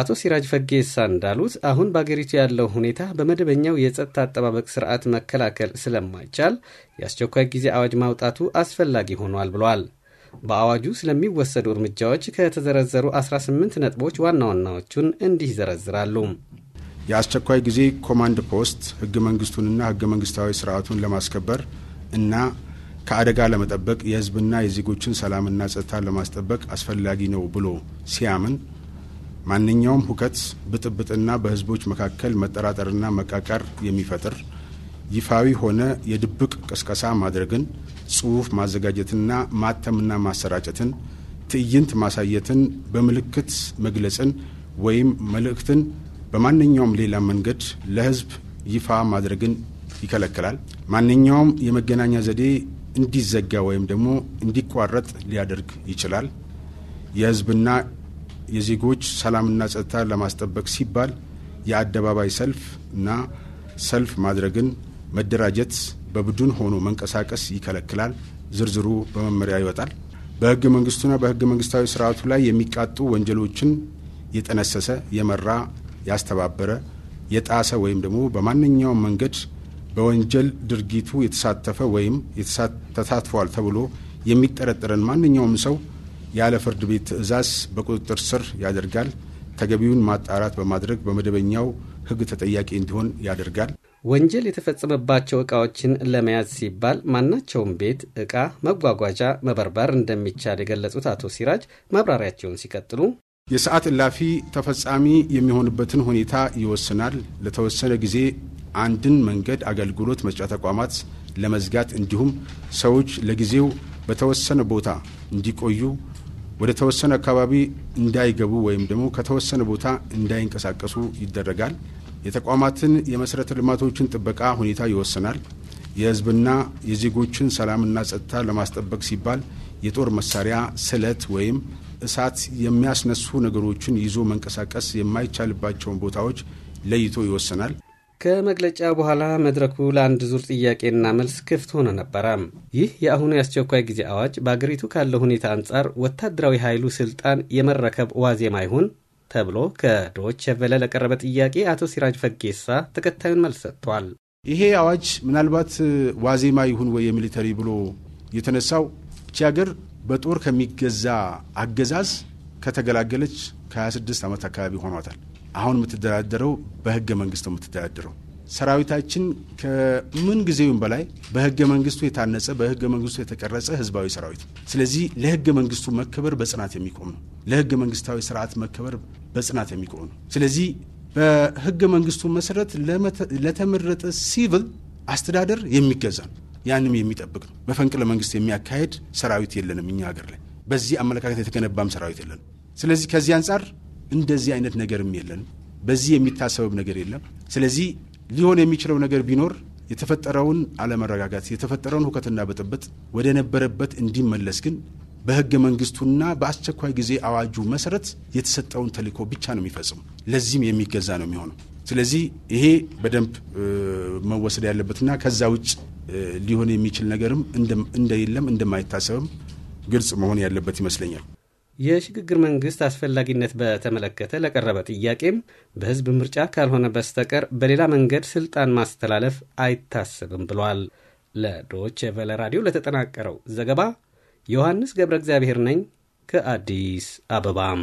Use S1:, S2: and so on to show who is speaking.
S1: አቶ ሲራጅ ፈጌሳ እንዳሉት አሁን በአገሪቱ ያለው ሁኔታ በመደበኛው የጸጥታ አጠባበቅ ስርዓት መከላከል ስለማይቻል የአስቸኳይ ጊዜ አዋጅ ማውጣቱ አስፈላጊ ሆኗል ብሏል። በአዋጁ ስለሚወሰዱ እርምጃዎች ከተዘረዘሩ 18 ነጥቦች ዋና ዋናዎቹን
S2: እንዲህ ይዘረዝራሉ። የአስቸኳይ ጊዜ ኮማንድ ፖስት ህገ መንግስቱንና ህገ መንግስታዊ ስርዓቱን ለማስከበር እና ከአደጋ ለመጠበቅ የህዝብና የዜጎችን ሰላምና ጸጥታን ለማስጠበቅ አስፈላጊ ነው ብሎ ሲያምን ማንኛውም ሁከት፣ ብጥብጥና በህዝቦች መካከል መጠራጠርና መቃቀር የሚፈጥር ይፋዊ ሆነ የድብቅ ቅስቀሳ ማድረግን፣ ጽሑፍ ማዘጋጀትና ማተምና ማሰራጨትን፣ ትዕይንት ማሳየትን፣ በምልክት መግለጽን ወይም መልእክትን በማንኛውም ሌላ መንገድ ለህዝብ ይፋ ማድረግን ይከለክላል። ማንኛውም የመገናኛ ዘዴ እንዲዘጋ ወይም ደግሞ እንዲቋረጥ ሊያደርግ ይችላል። የህዝብና የዜጎች ሰላምና ጸጥታ ለማስጠበቅ ሲባል የአደባባይ ሰልፍ እና ሰልፍ ማድረግን መደራጀት፣ በቡድን ሆኖ መንቀሳቀስ ይከለክላል። ዝርዝሩ በመመሪያ ይወጣል። በህገ መንግስቱና በህገ መንግስታዊ ስርዓቱ ላይ የሚቃጡ ወንጀሎችን የጠነሰሰ፣ የመራ፣ ያስተባበረ፣ የጣሰ ወይም ደግሞ በማንኛውም መንገድ በወንጀል ድርጊቱ የተሳተፈ ወይም ተሳትፏል ተብሎ የሚጠረጠረን ማንኛውም ሰው ያለ ፍርድ ቤት ትዕዛዝ በቁጥጥር ስር ያደርጋል። ተገቢውን ማጣራት በማድረግ በመደበኛው ሕግ ተጠያቂ እንዲሆን ያደርጋል።
S1: ወንጀል የተፈጸመባቸው እቃዎችን ለመያዝ ሲባል ማናቸውም ቤት እቃ መጓጓዣ መበርበር
S2: እንደሚቻል የገለጹት አቶ ሲራጅ ማብራሪያቸውን ሲቀጥሉ የሰዓት እላፊ ተፈጻሚ የሚሆንበትን ሁኔታ ይወስናል። ለተወሰነ ጊዜ አንድን መንገድ አገልግሎት መስጫ ተቋማት ለመዝጋት እንዲሁም ሰዎች ለጊዜው በተወሰነ ቦታ እንዲቆዩ ወደ ተወሰነ አካባቢ እንዳይገቡ ወይም ደግሞ ከተወሰነ ቦታ እንዳይንቀሳቀሱ ይደረጋል። የተቋማትን የመሰረተ ልማቶችን ጥበቃ ሁኔታ ይወሰናል። የህዝብና የዜጎችን ሰላምና ጸጥታ ለማስጠበቅ ሲባል የጦር መሳሪያ፣ ስለት ወይም እሳት የሚያስነሱ ነገሮችን ይዞ መንቀሳቀስ የማይቻልባቸውን ቦታዎች ለይቶ ይወሰናል። ከመግለጫ በኋላ መድረኩ
S1: ለአንድ ዙር ጥያቄና መልስ ክፍት ሆኖ ነበረ። ይህ የአሁኑ የአስቸኳይ ጊዜ አዋጅ በአገሪቱ ካለው ሁኔታ አንጻር ወታደራዊ ኃይሉ ስልጣን የመረከብ ዋዜማ ይሁን ተብሎ ከዶች ቨለ ለቀረበ ጥያቄ አቶ ሲራጅ ፈጌሳ ተከታዩን መልስ ሰጥተዋል።
S2: ይሄ አዋጅ ምናልባት ዋዜማ ይሁን ወይ የሚሊተሪ ብሎ የተነሳው እቺ ሀገር በጦር ከሚገዛ አገዛዝ ከተገላገለች ከ26 ዓመት አካባቢ ሆኗታል። አሁን የምትደራደረው በህገ መንግስት ነው የምትደራደረው። ሰራዊታችን ከምን ጊዜውም በላይ በህገ መንግስቱ የታነጸ በህገ መንግስቱ የተቀረጸ ህዝባዊ ሰራዊት፣ ስለዚህ ለህገ መንግስቱ መከበር በጽናት የሚቆም ነው። ለህገ መንግስታዊ ስርዓት መከበር በጽናት የሚቆም ነው። ስለዚህ በህገ መንግስቱ መሰረት ለተመረጠ ሲቪል አስተዳደር የሚገዛ ነው። ያንም የሚጠብቅ ነው። መፈንቅለ መንግስት የሚያካሄድ ሰራዊት የለንም እኛ ሀገር ላይ። በዚህ አመለካከት የተገነባም ሰራዊት የለን። ስለዚህ ከዚህ አንጻር እንደዚህ አይነት ነገርም የለን፣ በዚህ የሚታሰብም ነገር የለም። ስለዚህ ሊሆን የሚችለው ነገር ቢኖር የተፈጠረውን አለመረጋጋት የተፈጠረውን ሁከትና ብጥብጥ ወደ ነበረበት እንዲመለስ ግን በህገ መንግስቱና በአስቸኳይ ጊዜ አዋጁ መሰረት የተሰጠውን ተልዕኮ ብቻ ነው የሚፈጽሙ። ለዚህም የሚገዛ ነው የሚሆነው። ስለዚህ ይሄ በደንብ መወሰድ ያለበትና ከዛ ውጭ ሊሆን የሚችል ነገርም እንደሌለም እንደማይታሰብም ግልጽ መሆን ያለበት ይመስለኛል።
S1: የሽግግር መንግስት አስፈላጊነት በተመለከተ ለቀረበ ጥያቄም በህዝብ ምርጫ ካልሆነ በስተቀር በሌላ መንገድ ስልጣን ማስተላለፍ አይታሰብም ብሏል። ለዶች ቨለ ራዲዮ ለተጠናቀረው ዘገባ ዮሐንስ ገብረ እግዚአብሔር ነኝ ከአዲስ አበባም